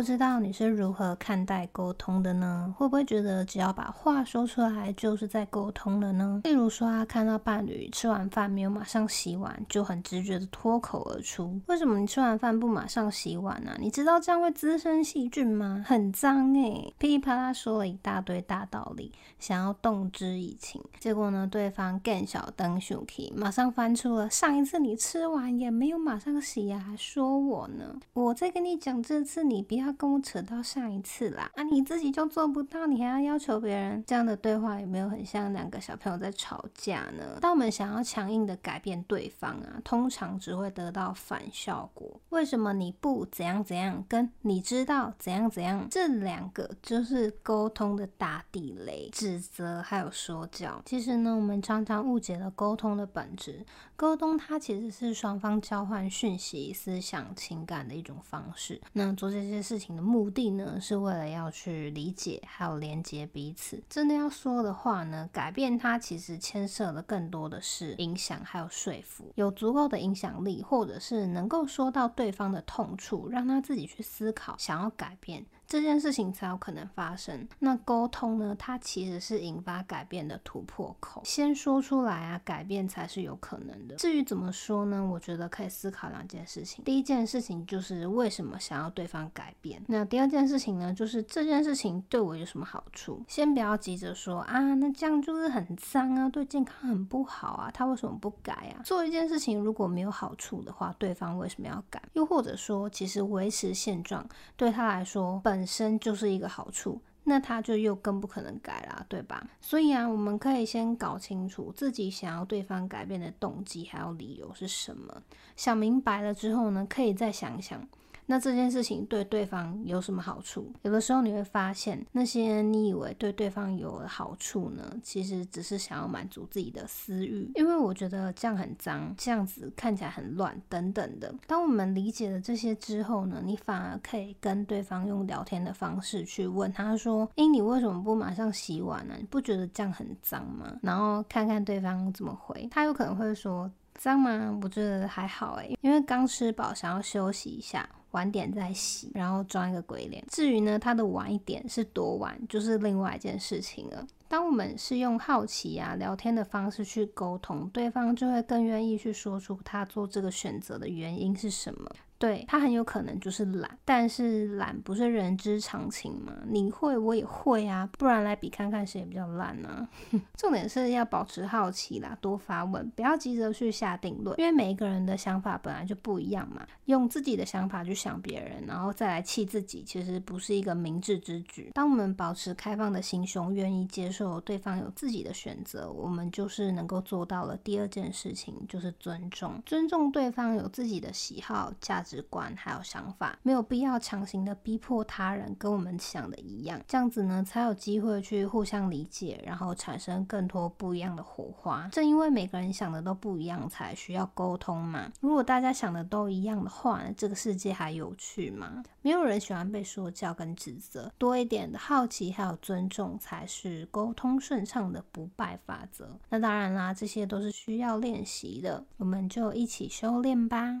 不知道你是如何看待溝通的呢？會不會覺得，只要把話說出來，就是在溝通了呢？例如說、啊，看到伴侶吃完飯沒有馬上洗碗，就很直覺的脫口而出：“為什麼你吃完飯不馬上洗碗呢、啊？你知道這樣會滋生細菌嗎？很髒哎、欸！”噼里啪啦說了一大堆大道理，想要動之以情。結果呢，對方更惱羞成怒，馬上翻出了，上一次你吃完也沒有馬上洗呀、啊，還說我呢。我再跟你講，這次你不要。跟我扯到上一次啦！啊，你自己就做不到，你還要要求別人，這樣的對話有沒有很像兩個小朋友在吵架呢？當我們想要強硬的改變對方啊，通常只會得到反效果。為什麼你不怎樣怎樣，跟你知道怎樣怎樣，這兩個就是溝通的大地雷，指責還有說教。其實呢，我們常常誤解了溝通的本質，溝通它其實是雙方交換訊息、思想、情感的一種方式。那做這些事情。情的目的呢，是為了要去理解，還有連接彼此。真的要說的話呢，改變它其實牽涉的更多的是影響，還有說服。有足夠的影響力，或者是能夠說到對方的痛處，讓他自己去思考，想要改變。這件事情才有可能發生。那溝通呢，它其實是引發改變的突破口。先說出來啊，改變才是有可能的。至於怎麼說呢？我覺得可以思考兩件事情。第一件事情就是為什麼想要對方改變？那第二件事情呢，就是這件事情對我有什麼好處？先不要急着說啊，那這樣就是很髒啊，對健康很不好啊。他為什麼不改啊？做一件事情如果沒有好處的話，對方為什麼要改？又或者說，其實維持現狀對他來說本本身就是一個好處，那他就又更不可能改了啊，對吧？所以啊，我們可以先搞清楚自己想要對方改變的動機還有理由是什麼。想明白了之後呢，可以再想一想。那這件事情對對方有什麼好處？有的時候你會發現，那些你以為對對方有好處呢，其實只是想要滿足自己的私欲。因為我覺得這樣很髒，這樣子看起來很亂，等等的。當我們理解了這些之後呢，你反而可以跟對方用聊天的方式去問他說：“欸，你為什麼不馬上洗碗呢？你不覺得這樣很髒嗎？”然後看看對方怎麼回，他有可能會說：“髒嗎？我覺得還好欸，因為剛吃飽，想要休息一下。”晚點再洗，然後裝一個鬼臉。至於呢，他的晚一點是多晚，就是另外一件事情了。當我們是用好奇呀、啊、聊天的方式去溝通，對方就會更願意去說出他做這個選擇的原因是什麼。對，他很有可能就是懶，但是懶不是人之常情嘛，你會，我也會啊，不然來比看看誰也比較懶呢、啊？ 重點是要保持好奇啦，多發問，不要急着去下定論，因為每一個人的想法本來就不一樣嘛。用自己的想法去想別人，然後再來氣自己，其實不是一個明智之舉。當我們保持開放的心胸，願意接受對方有自己的選擇，我們就是能夠做到了。第二件事情就是尊重，尊重對方有自己的喜好、價值直觀還有想法，沒有必要強行的逼迫他人跟我們想的一樣，這樣子呢才有機會去互相理解，然後產生更多不一樣的火花。正因為每個人想的都不一樣，才需要溝通嘛。如果大家想的都一樣的話，這個世界還有趣嗎？沒有人喜歡被說教跟指責，多一點的好奇還有尊重才是溝通順暢的不敗法則。那當然啦，這些都是需要練習的，我們就一起修煉吧。